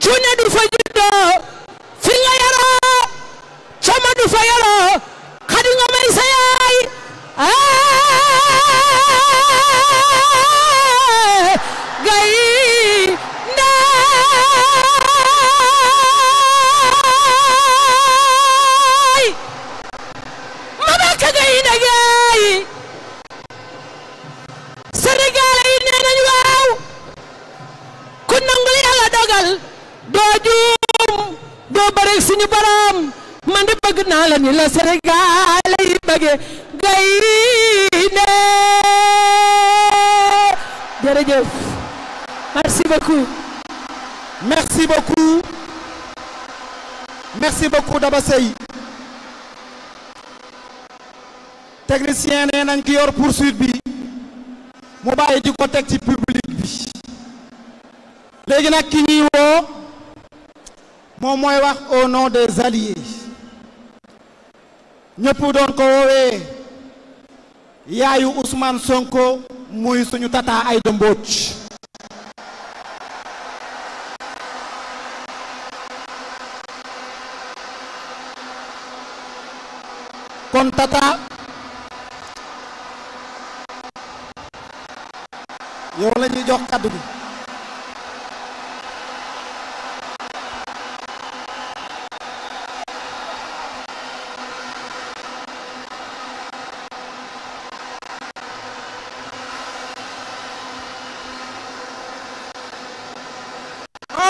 cuuña du fa juddoo naa la ni la bëggee gaynde jërëjëf merci beaucoup merci beaucoup merci beaucoup technicien nee nañ ki yor poursuite bi mu bàyyi di ko teg ci public bi léegi nag ki ñuy moom mooy wax au nom des alliés ñëpp doon ko woowee yaayu Ousmane Sonko muy suñu tata Aïda Mbodj kon tata yow la jox kàddu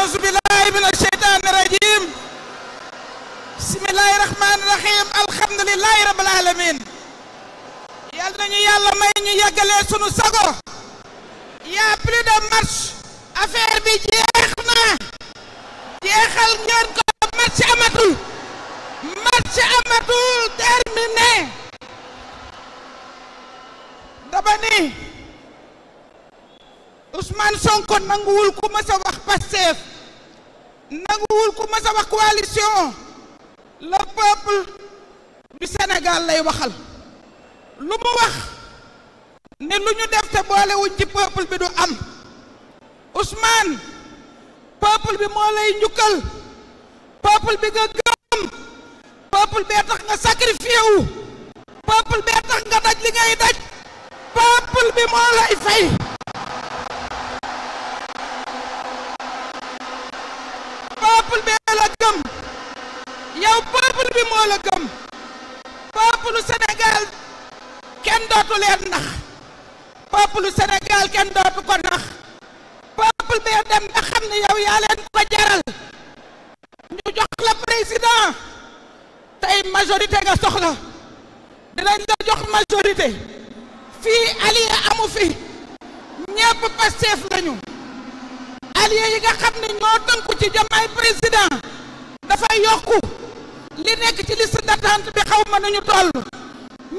أعوذ بالله من الشيطان الرجيم بسم الله الرحمن الرحيم الحمد لله رب العالمين yal nañu yàlla may ñu yeggalee sunu sago y'a plus de match affaire bi jeex na jeexal ngeen ko match amatul match amatul terminé dama ni Ousmane Sonko nanguwul ku ma sa wax Pastef nanguwul ku mas a wax coalition le peuple du Sénégal lay waxal lu mu wax ne lu ñu def te boolewuñ ci peuple bi du am Ousmane peuple bi moo lay njukkal peuple bi nga gëm peuple bee tax nga sacrifié wu bee tax nga daj li ngay daj peuple bi moo lay fay moo la gëm Sénégal kenn dootu leen nax peuple Sénégal kenn dootu ko nax peuple bee dem ba xam ne yow yaa leen ko jaral ñu jox la président tey majorité nga soxla dinañ la jox majorité fii allié amu fi ñépp Pastef lañu allié yi nga xam ne ñoo tënku ci Diomaye président dafay yokku li nekk ci liste d'attente bi xaw ma nañu toll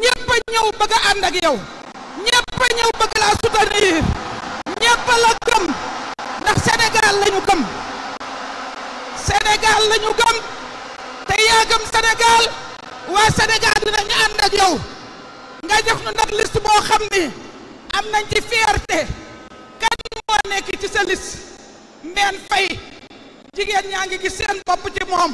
ñëpp a ñëw bëgg a ànd ak yow ñëpp ñëw bëgg laa soutenir ñëpp la gëm ndax Sénégal la gëm Sénégal la gëm te yaa gëm Sénégal waa Sénégal dinañu ànd ak yow nga jox nu nag liste boo xam ni am nañ ci fierté kan moo nekk ci sa liste Mbène Faye jigéen ñaa ngi gis seen bopp ci moom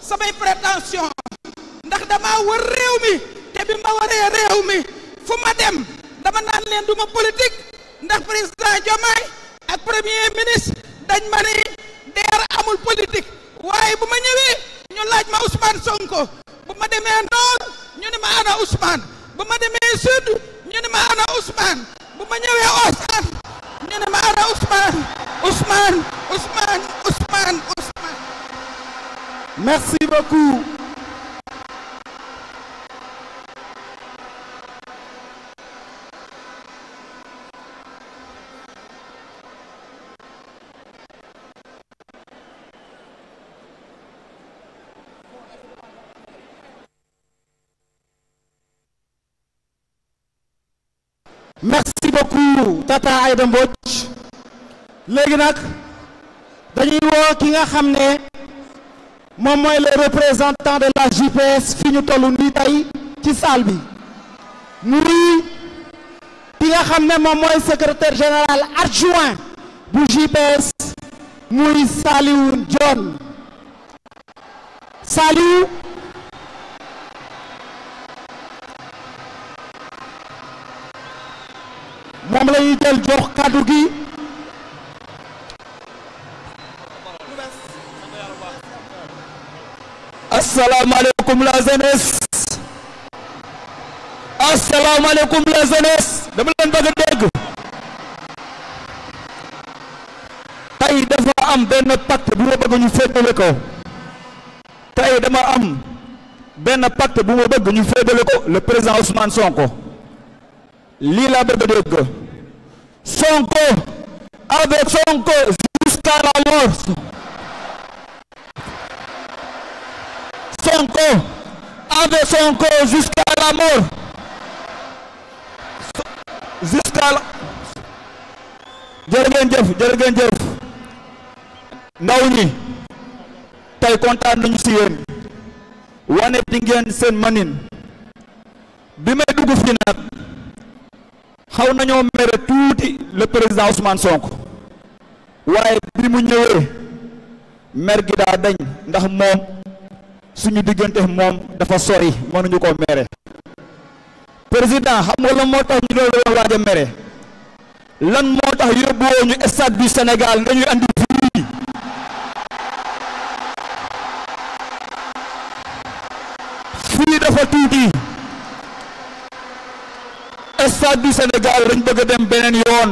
samay prétention ndax dama wër réew mi te bi ma waree réew mi fu ma dem dama naan leen duma politique ndax président Diomaye ak premier ministre dañ ma ni deer amul politique waaye bu ma ñëwee ñu laaj ma Ousmane Sonko bu ma demee nord ñu ne ma ana Ousmane bu ma demee sud ñu ne ma ana Ousmane bu ma ñëwee Ousmane ñu ne ma ana Ousmane Ousmane Merci beaucoup. merci léegi nag dañuy woo ki nga xam ne moom mooy les représentants de la JPS fi ñu toll nii tey ci salle bi muy ki nga xam ne moom mooy secrétaire général adjoint bu JPS muy Saliou Dione Saliou moom la ñuy jël jox kàddu gi asalaamaaleykum la jeunesse asalaamaaleykum la jeunesse dama leen bëgg dégg tey dafa am benn pacte bu ma bëgg ñu féetale ko tey dama am benn pacte bu ma bëgg ñu féetale ko le président Ousmane Sonko lii laa bëgg dégg Sonko avec Sonko jusqu'à la mort Sonko, avec Sonko jusqu'à la mort. Jusqu'à la... jërë ngeen jëf jërë ngeen jëf ndaw ñi tey kontaan nañu si yéen wane di ngeen seen manin bi may dugg fi nag xaw nañoo mere tuuti le président Ousmane Sonko waaye bi mu ñëwee mer gi daa dañ ndax moom suñu diggante moom dafa sori mënuñu koo mere président xam nga lan moo tax ñu loolu wax waaj mere lan moo tax yóbbuwoo ñu stade du Sénégal nga ñuy andi fii fii dafa tuuti stade du Sénégal dañ bëgg dem beneen yoon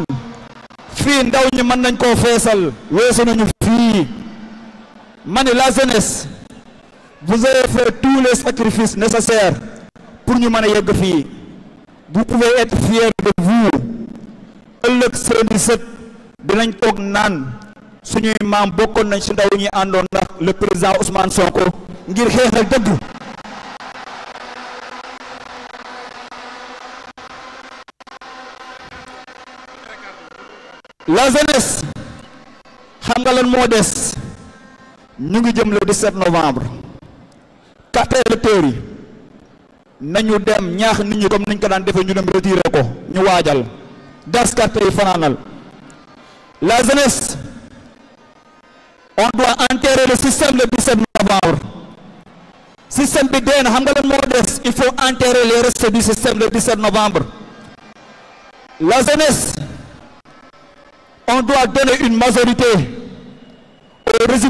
fii ndaw ñi mën nañ koo feesal weesu nañu fii ma ne la jeunesse vous avez fait tous les sacrifices nécessaires pour ñu mën a yegg fii vous pouvez être fier de vous ëllëg seeni sët dinañ toog naan suñuy maam bokkoon nañ si ndaw ñuy àndoon ndax le président Ousmane Sonko ngir xeexal dëgg la jeunesse xam nga lan moo des ñu ngi jëm le 17 novembre carte électeur yi nañu dem ñaax nit ñi comme niñ ko daan defee ñu dem retiré ko ñu waajal das carte yi fanaanal la jeunesse on doit enterrer le système le 17 novembre système bi dee na xam nga lan moo des il faut enterrer les restes du système le 17 novembre la jeunesse on doit donner une majorité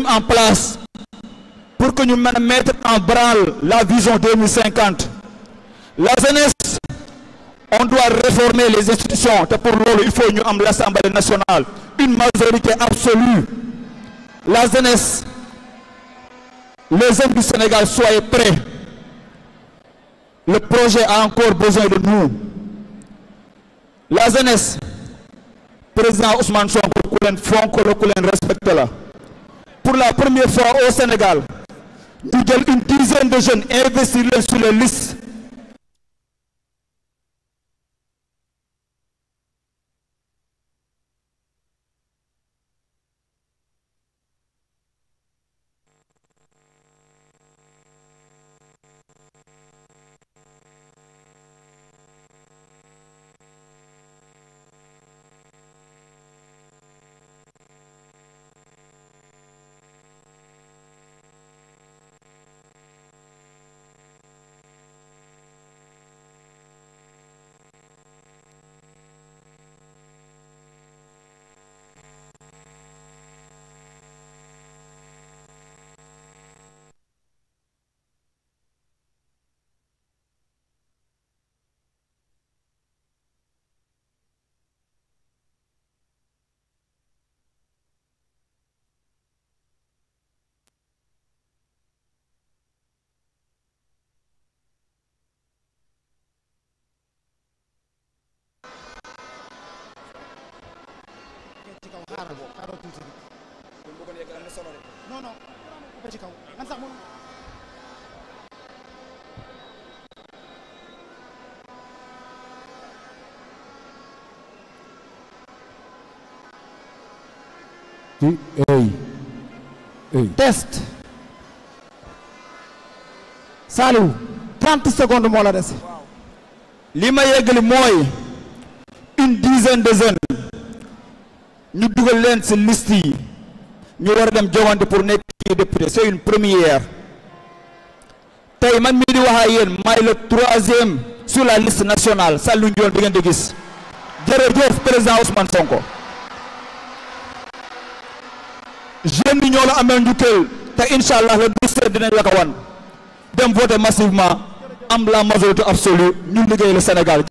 en place pour que ñu mën a mettre en branle la vision 2050 la jeunesse on doit réformer les institutions te pour loolu il faut ñu am l'Assemblée nationale une majorité absolue la jeunesse les hommes du Sénégal soyez prêts le projet a encore besoin de nous la jeunesse président Ousmane Sonko ku leen fonk la ku leen respecte la pour la première fois au Sénégal tu jël une dizaine de jeunes investir leen sur les kaw xaaral xaaral tuuti bi. loolu boo ko yegg am na de. non test. Saliou. 30 secondes moo la des. li ma yeggali mooy. une dizaine de jeunes. ñu dugal leen ci liste yi ñu war a dem jogante pour nekk ci député c'est une première tey man mii di wax ak yéen maay troisième sur la liste nationale sàllu njoon bi ngeen di gis jërëjëf président Ousmane Sonko jeune bi ñoo la amee njukkal te incha allah le 17 dinañ la ko dem voter massivement am la majorité absolue ñu liggéey le Sénégal